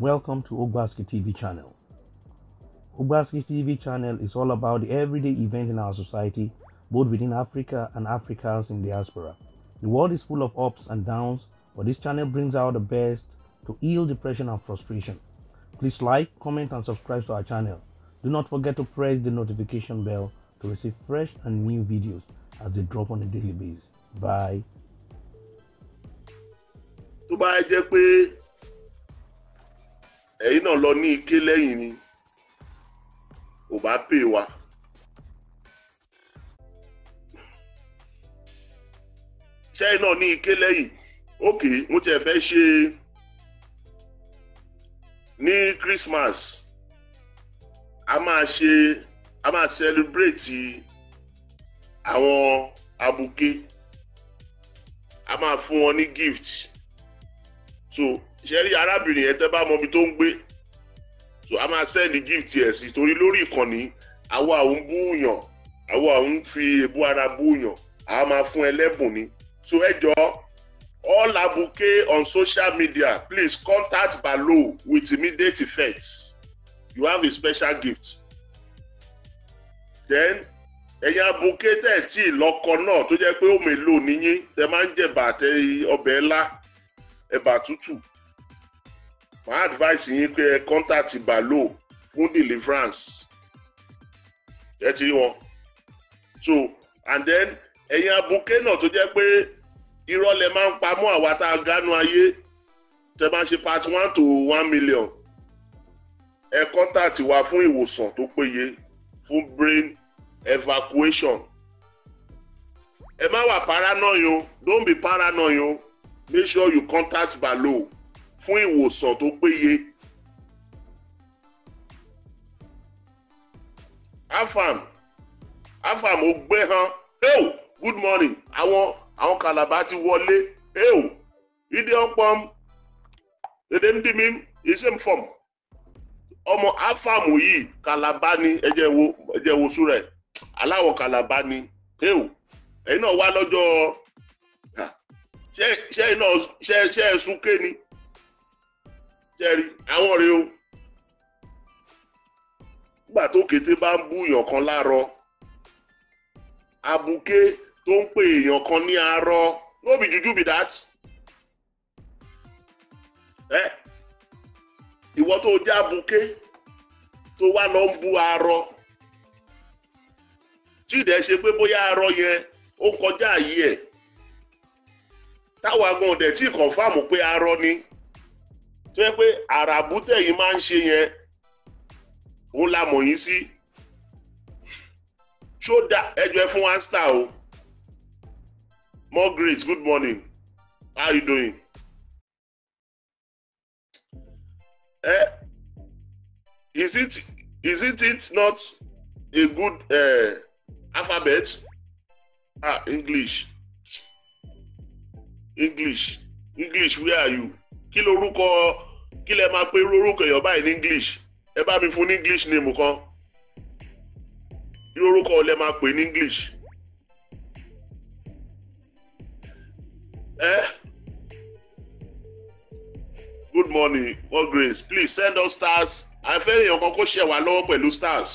Welcome to Ogbaski TV channel. Ogbaski TV channel is all about the everyday event in our society, both within Africa and Africans in diaspora. The world is full of ups and downs, but this channel brings out the best to heal depression and frustration. Please like, comment, and subscribe to our channel. Do not forget to press the notification bell to receive fresh and new videos as they drop on a daily basis. Bye. tó bá ẹ̀yin náà lọ ní ike lẹ́yìn ni ò bá pè wá. ṣẹ́yìn náà ní ike lẹ́yìn ókè mo tiẹ̀ fẹ́ ṣe ní Christmas a máa ṣe a máa celebrate àwọn abuké a máa fún wọn ní gift so ṣe rí arábìnrin yẹn tẹ́ bá mọ ibi tó ń gbé so a máa sẹ́ẹ̀lì gift yẹn sí torí lórí ìkànnì àwa àwọn búùyàn àwa àwọn fi ebú ara búùyàn a máa fún ẹlẹ́bùn ni so ẹ jọ all abuke on social media please contact Balo with immediate effect you have a special gift then ẹ̀yin abuke tẹ̀ tí lọ́kọ náà tó jẹ́ pé ó mélòó níyín tẹ máa ń jẹ̀bà àtẹ ọbẹ̀ ńlá ẹ̀bà tútù my advice yín pé contact Balo fún deliverance ẹ ti wọn so and then ẹ̀yin abuké náà tó jẹ́ pé irọ́ lẹ máa ń pamọ́ àwa tá a gánú ayé tẹ máa ṣe part one to one million ẹ contact wa fún ìwòsàn tó péye fún brain evacuation ẹ má wà paranoid o don't be paranoid o make sure you contact Balo fún ìwòsàn tó péye. afam afam ó gbé han hey, good morning àwọn àwọn kàlàbà ti wọlé hey, ìdí ọpọm dèdè ń dì mí ìṣèm fọm ọmọ afam yìí kàlàbà ni ẹjẹ wo ẹjẹ wo súrẹ aláwọ kàlàbà ni hey, ẹ̀yin náà wá lọ́jọ́ ṣe ṣe iná ṣe ṣe ẹsùn ké ni jẹ́rí àwọn rèé o nígbà tó kété bá ń bú èèyàn kan láàárọ̀ abuké tó ń pè èèyàn kan ní àárọ̀ no be juju be that ẹ ìwọ tó jẹ́ abuké tó wá lọ ń bu àárọ̀ tí ìdẹ́ ṣe pé bóyá àárọ̀ yẹn ó ń kọjá àyè ẹ̀ táwa gan ọ̀dẹ̀ tí confirm pé àárọ̀ ni tó yẹ pé àràbù tẹ̀yìn máa ń ṣe yẹn òun la mọ̀ yín sí ṣó ẹjọ́ ẹ fún one star o Margaret good morning how you doing? Eh, is it is it it not a good uh, alphabet? Ah, English. English. English, where are you? kí lorúkọ kí lẹ máa pe irú orúkọ báyìí ní english ẹ bá mi fún ní english name kan irú orúkọ lẹ máa pè ní english. Eh? Good morning God grace please send us stars afẹ́rẹ́ èèyàn kan kó ṣe wà lọ́wọ́ pẹ̀lú stars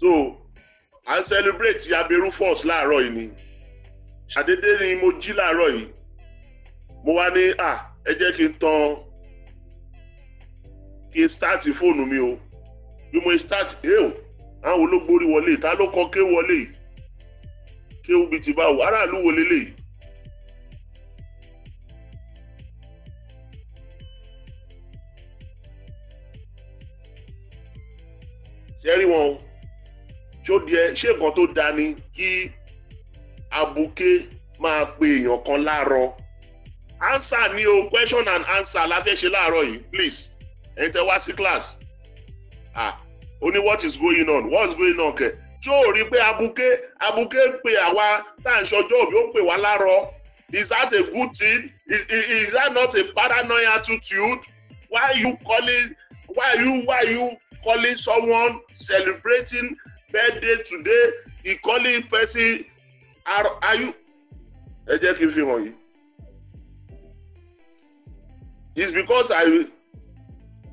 so I celebrate yabiru force láàárọ̀ yìí ni ṣàdédé ni mo jí láàárọ̀ yìí mo wá ní à ẹ jẹ́ kí n tan kí n start fóònù mi o bí mo start ẹ o àwọn olóògbórí wọlé ta ló kọ ké wọlé kéwù bíi ti báwo aráàlú wo lélẹ́yìí. ṣẹ́rí wọn ṣó díẹ̀ ṣé nǹkan tó dáa ni kí abuké máa pe èèyàn kan láàárọ̀ answer ni o question and answer la fẹ́ ṣe láàárọ̀ yìí please ẹ̀yin tẹ́ wá sí class ah o ní what is going on What is going on kẹ tí o rí pé abuké abuké ń pè àwa tá à ń ṣọjọ́ òbí ó pè wá lárọ̀ is that a good thing is, is, is that not a paranoid attitude why you calling why you why you calling someone celebrating birthday today he calling person are, are you ẹ jẹ́ kí n fi hàn yìí It's because I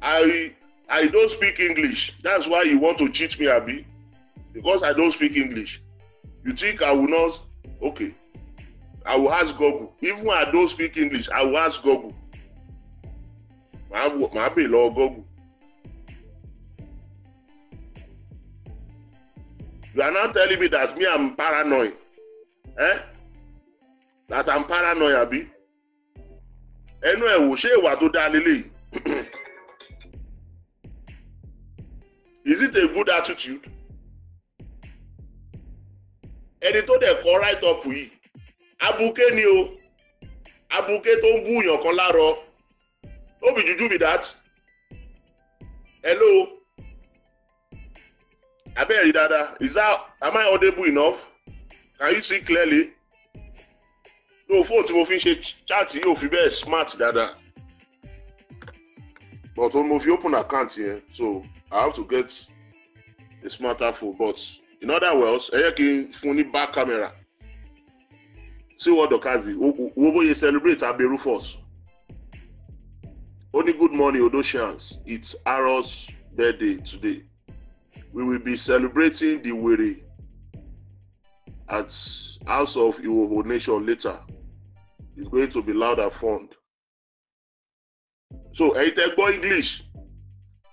I I don't speak English. That's why you want to cheat me, Abi. Because I don't speak English. You think I will not? Okay. I will ask Google. Even when I don't speak English, I will ask Google. Màá bè lọ Google. You are now telling me that me I'm paranoid. Eh? That I'm paranoid, Abi ẹnu ẹ̀ wò ṣé ìwà tó dáa lélẹ̀ is it a good attitude ẹni tó dẹ̀ kọ right up yìí abuké ni o abuké tó ń bú yàn kan lárọ ó bì jújú bì dat hello abẹ́rẹ́ dáadáa is that am I audible enough can you see clearly no fóònù tí mo fi ń ṣe chat yóò fi bẹ́ẹ̀ smart dáadáa but mo fi open account yẹn so I have to get a smarter phone but in other words ẹ yẹ kí n fún ní back camera sí wọ́n dọ̀kazi owó bóyá celebrate abiru force ó ní good morning odosians it's Aro's birthday today we will be celebrating the were at House of Iwoho Nation later is going to be loud and fond. so ẹ̀yin tẹ́ gbọ́ English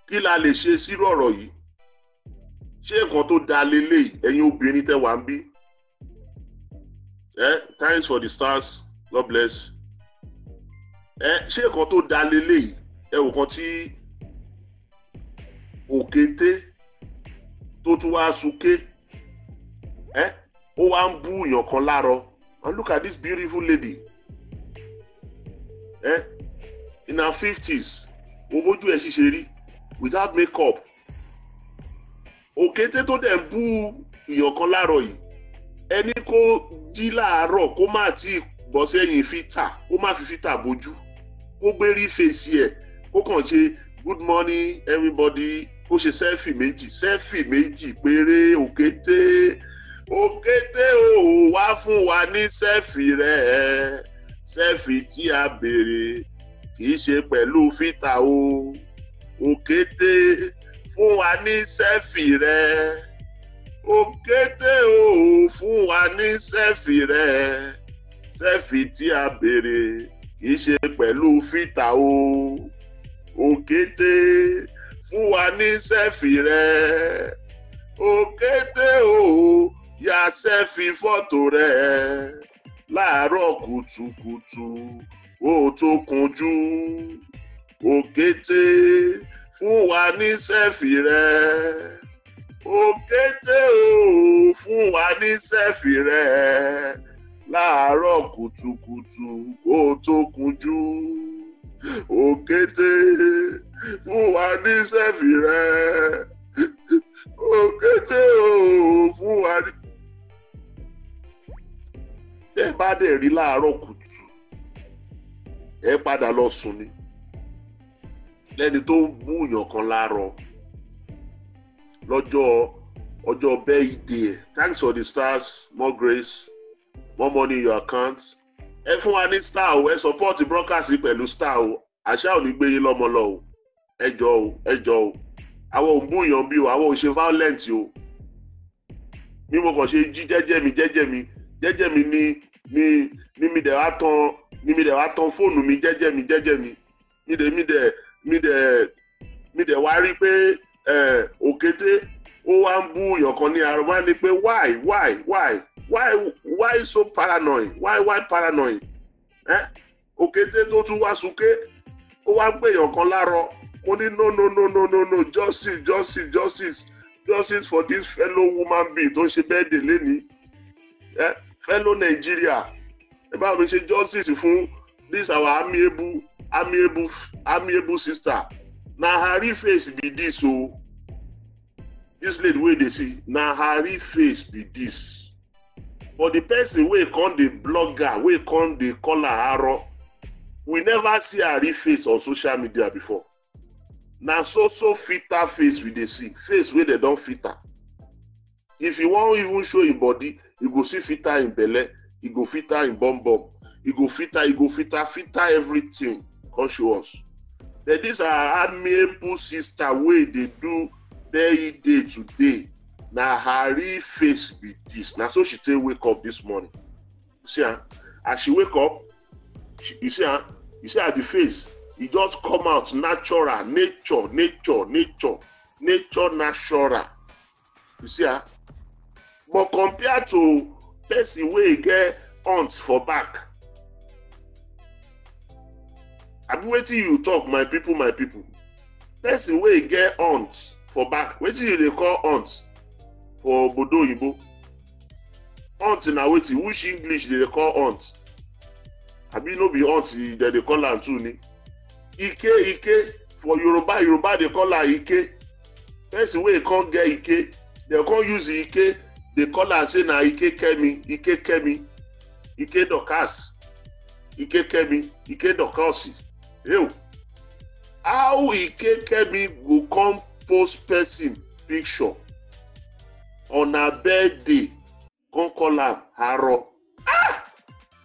kí la lè ṣe sírò ọ̀rọ̀ yìí ṣé nǹkan tó da leléyìí ẹ̀yin obìnrin tẹ́ wà ń bí. Eh, times for the stars God bless. ẹ eh, ṣé nǹkan tó da leléyìí ẹ wò kan tí òkété tó tún wá sunké ẹ eh, ó wá ń bú èèyàn kan lárọ and look at this beautiful lady eh, in our fifties wo bójú ẹ ṣiṣẹ́ rí without make up òkété tó dẹ̀ ń bú ìyọ̀kan láàárọ̀ yìí ẹni kó jí láàárọ̀ kó má tí ì bọ́ sẹ́yìn fítà kó má fi fítà bójú kó gbé rí fèsì ẹ̀ kó kàn ṣe good morning everybody kó ṣe sẹ́ẹ̀fì méjì sẹ́ẹ̀fì méjì péré òkété òkété ò wá fún wa ní sẹ́ẹ̀fì rẹ̀ ẹ̀ sẹ́ẹ̀fì tí a béèrè kìí ṣe pẹ̀lú fítà o òkété fún wa ní sẹ́ẹ̀fì rẹ òkété o fún wa ní sẹ́ẹ̀fì rẹ sẹ́ẹ̀fì tí a béèrè kìí ṣe pẹ̀lú fítà o òkété fún wa ní sẹ́ẹ̀fì rẹ òkété o yà sẹ́ẹ̀fì fọ́tò rẹ láàárọ̀ kùtùkùtù ó tó kunjú òkété fún wa ní sẹ́ẹ̀fì rẹ òkété o fún wa ní sẹ́ẹ̀fì rẹ láàárọ̀ kùtùkùtù ó tó kunjú òkété fún wa ní sẹ́ẹ̀fì rẹ òkété o fún wa ní tẹ́ ẹ bá dẹ̀ rí láàárọ̀ kùtù ẹ padà lọ sùn ni lẹ́ni tó ń mú yàn kan láàárọ̀ lọ́jọ́ ọjọ́ bẹ́ẹ̀dẹ̀ ẹ̀ thanks for the stars more grace more money in your account ẹ fún wa ní star o ẹ support broadcast pẹ̀lú star o àṣà ò ní gbé yín lọ́mọ lọ o ẹ jọ o ẹ jọ o àwọn ò ń bú yàn bí o àwọn ò ṣe violent o mímú kàn ṣe jí jẹ́jẹ́ mi jẹ́jẹ́ mi jẹ́jẹ́ mi ni mi ni mi dẹ̀ wá tan ni mi dẹ̀ wá tan fóònù mi jẹ́jẹ́ mi jẹ́jẹ́ mi mi dẹ̀ mi dẹ̀ mi dẹ̀ mi dẹ̀ wá pe pé òkété ó wá ń bú ìyọ̀kan ní ara wá ní pé why why why why why so paranoid why why paranoid eh? òkété tó tún wá sunké ó wá gbé ìyọ̀kan lárọ ó ní no no no no no no justice justice justice justice for this fellow woman being tó ń ṣe bẹ́ẹ̀ dè lénìí. yeah fellow Nigeria ẹ bá mi ṣe justice fún this our amiable amiable amiable sister na her real face be this o this lady wey dey see na her real face be this but the person wey come dey blogger, her wey come dey call her aro we never see her real face on social media before na so so filter face we dey see face wey dem don filter if you wan even show im body you go see fit her in belle e go fit her in bum bum he go fit her he go fit her fit her everything come show us then this our admirable sister wey dey do day day today na her real face be this na so she take wake up this morning you see ah, as she wake up she, you see ah, you see ah, the face e just come out natural nature nature nature nature natural you see ah compared to person wey get hunt for back abi wetin you talk my people my people person wey get hunt for back wetin you dey call hunt for obodo oyinbo hunt na wetin which english dey dey call hunt abi no be hunt dem dey call am too ni ike ike for yoruba yoruba dey call am ike person wey come get ike dem come use ike dey call am say na ikekemi ikekemi ikedokas ikekemi ikedokosi ew how ikekemi go come post person picture on her birthday come call am haro ah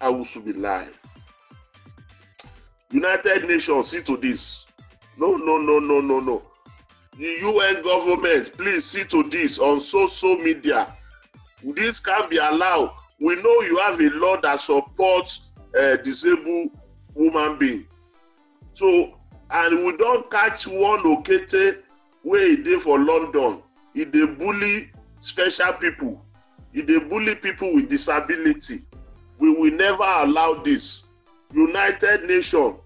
awusubilayi united nations see to this no no no no no no the un government please see to this on so so media This can be allowed. We know you have a law that supports uh, disabled woman being. So, and we don catch one okete wey e dey for London. E dey bully special people. E dey bully people with disability. We will never allow this. United Nations,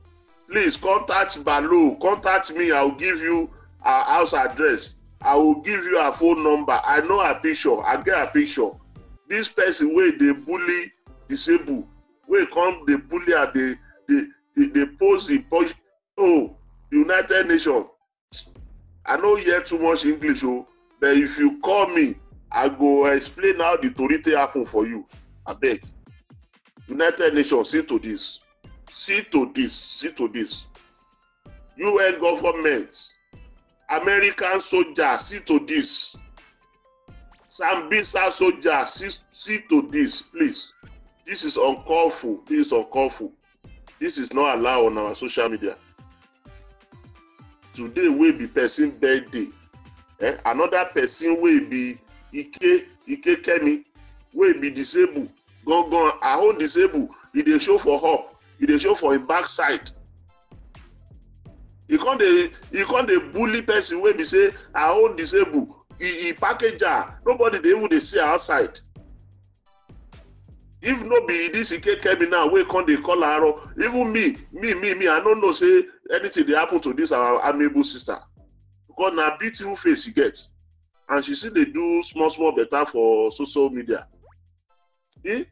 please contact Balo, contact me, I will give you our house address. I will give you her phone number. I know her picture. I get her picture. This person wey dey bully disabled wey come dey bully her dey dey dey post the post. oh United Nations I no hear too much English o oh, but if you call me I go explain how the tori take happen for you abeg United Nations see to this see to this see to this UN government American soldier see to this Sambisa soldier see, see to this please this is uncalled for this is uncalled for this is not allowed on our social media today wey be person birthday eh? another person wey be ike ike kemi wey be disabled gangan her own disabled He dey show for up He dey show for im backside e con dey e con dey bully person wey be say her own disable e e package her nobody dey even dey see her outside if no be this ike kemi now wey con dey call her even me me me me i no know say anything dey happen to this our amiable sister because na beautiful face she get and she still dey do small small better for social media see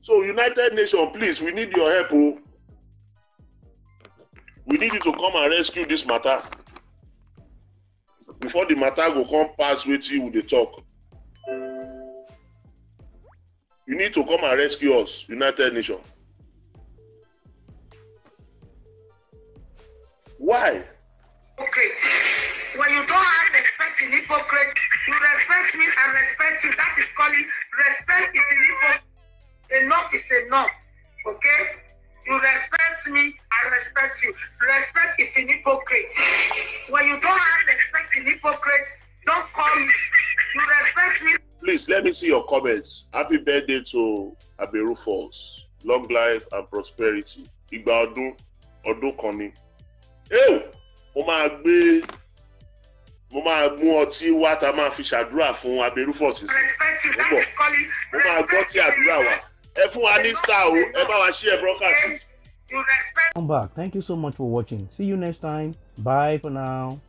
so united nations please we need your help o. Oh we need you to come and rescue this matter before the matter go come pass you with the talk you need to come and rescue us united Nation. why? hypocrite when you don't have respect in hypocrite you respect me and respect you that is calling respect is in hypocrite enough is enough okay. You respect me, I respect you. Respect is an hypocrite. When you don't have respect in hypocrite, don't call me. You respect me. Please let me see your comments. Happy birthday to Abiru Falls. Long life and prosperity. Ìgbà ọdún ọdún kan ni. Ew! Mo máa gbé mo máa mú ọtí wá tá a máa fi ṣàdúrà fún Abiru Falls. Respect you, that's the calling. Mo máa gbọ́ tí àdúrà wà ẹ fún wa ní star o ẹ bá wa share broadcast. come back thank you so much for watching see you next time bye for now.